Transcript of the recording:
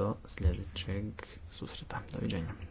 do sljedećeg susreta. Doviđenja.